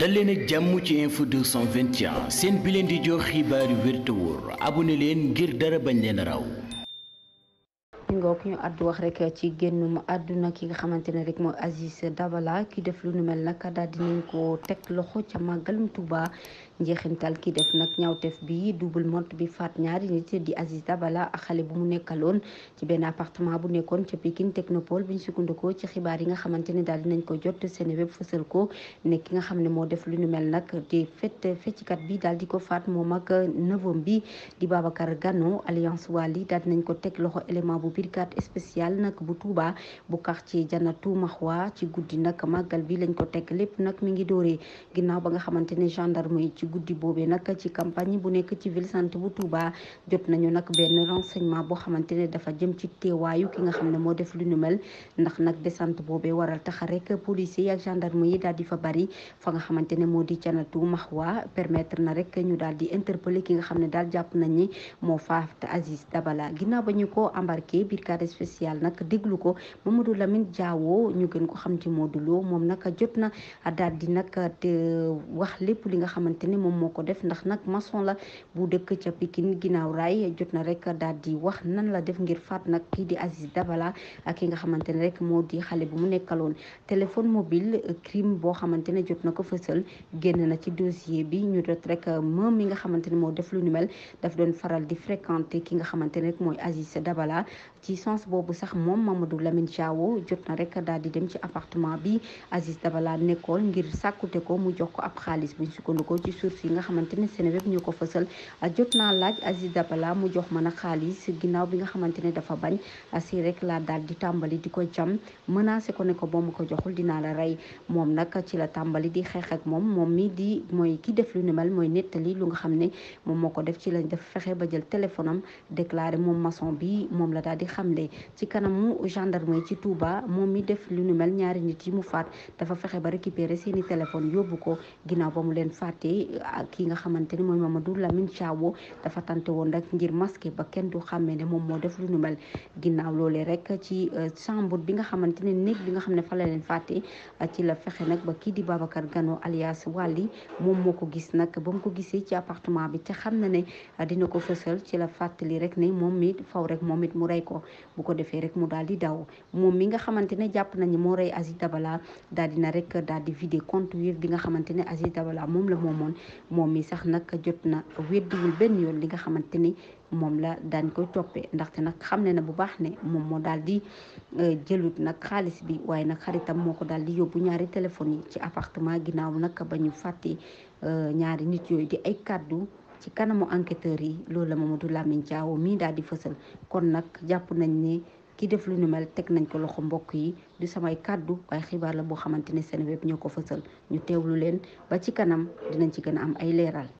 dal leen ak jàmm ci info 221 seen bi leen di jox xibaar yu wér te wóor leen ngir dara bañ leen raw ngok ñu àddu wax rek ci génnum àdduna ki nga xamante ne rek mooy Aziz Dabala ki def lu nu mel nag daal dinañ ko teg loxo ca màggalum Tuuba njeexintal ki def nag ñaawteef bi double meurtre bi faat ñaari nit di Aziz Dabala ak xale bu mu nekkaloon ci benn appartement bu nekkoon ca Pikine Technopole bi ñu sukkandikoo ci xibaar yi nga xamante ne daal dinañ ko jot seen web fësal ko nekk nga xam ne moo def lu ñu mel nag di fett fecckat bi daal di ko faat moom ak neveu bi di Babacar Gano alliance Wali daal nañ ko teg loxo élément bu brigade spéciale nag bu Touba bu quartier Janatu Maxwa ci guddi nag màggal bi lañ ko teg lépp nag mi ngi dooree ginnaaw ba nga xamante ne guddi boobee nag ci campagne bu nekk ci ville santé bu Touba jot nañu nag benn renseignement boo xamante ne dafa jëm ci teewaayu ki nga xam ne moo def lu nu mel ndax nag descente boobee waral tax rek policiers yi ak gendarme yi daal di fa bari fa nga xamante ne moo di canatu maxwa permetre na rek ñu daal di interpeller ki nga xam ne daal jàpp nañ ni moo faat Aziz Dabala ginnaaw ba ñu ko embarqué biir car spécial nag déglu ko Mamadou Lamine Diawo ñu gën ko xam ci Modou Lo moom nag jot na daal di nag wax lépp moom moo ko def ndax nag maçon la bu dëkk ca Pikine ginnaaw raay jot na rek daal di wax nan la def ngir faat nag kii di Aziz Dabala ak ki nga xamante ne rek moo di xale bu mu nekkaloon téléphone mobile crime boo xamante ne jot na ko fësal génn na ci dossier bi ñu jot rek euh, moom mi nga xamante ne moo def lu ni mel daf doon faral di fréquenter ki nga xamante ne rek mooy Aziz Dabala ci sens boobu sax moom Mamadou Lamine Diawo jot na rek daal di dem ci appartement bi Aziz Dabala nekkool ngir sàkkute ko mu jox ko ab xaalis buñ sukkandikoo ci source yi nga xamante ne seen Seneweb ñoo ko fësal jot naa laaj Aziz Dabala mu jox mën a xaalis ginnaaw bi nga xamante ne dafa bañ si rek laa daal di tàmbali di ko jam menacé ko ne ko boo ma ko joxul dinaa la rey moom nag ci la tàmbali di xeex ak moom moom mii di mooy kii def lu ni mel mooy nettali lu nga xam ne moom moo ko def ci lañ def fexe ba jël téléphone am déclaré moom maçon bi moom la daal di xam xamle ci kanam kanamu gendarmerie ci Touba moom mi def lu nu mel ñaari nit yi mu faat dafa fexe ba récupérer seeni téléphone yóbbu ko ginnaaw ba mu leen fàttee ak ki nga xamante ni mooy Mamadou Lamine Thiaw dafa tante woon rek ngir masqué ba kenn du xàmmee ne moom moo def lu nu mel ginnaaw rek ci euh, chambre bi nga xamante ne néeg bi nga xam ne fa la leen fàtte euh, ci la fexe nag ba kii di Babacar Gano alias Wally moom moo ko gis nag ba mu ko gisee ci apartement bi te xam na ne euh, dina ko fësal ci la fàttali rek ne moom it faw rek moom it mu rey ko bu ko defee rek mu daal di daw moom mi nga xamante ne jàpp nañu moo rey Aziz Dabala daal dina rek dal di vider compte Wave bi nga xamante ne Aziz Dabala moom la moomoon moom mi sax nag jot na weddiwul benn yoon li nga xamante ni moom la daan koy toppee ndaxte nag xam ne na bu baax ne moom moo daal di euh, jëlut nag xaalis bi waaye nag xaritam moo ko daal di yóbbu ñaari téléphone yi ci appartement ginnaaw nag ba ñu fàtte euh, ñaari nit yooyu di ay kàddu ci kanamu enquêteurs yi loolu la Mamadou Lamine Diaw mii daal di fësal kon nag jàpp nañ ni ki def lu nu mel teg nañ ko loxo mbokk yi du samay kàddu waaye xibaar la boo xamante ne Seneweb ñoo ko fësal ñu teewlu leen ba ci kanam dinañ ci gën a am ay leeral.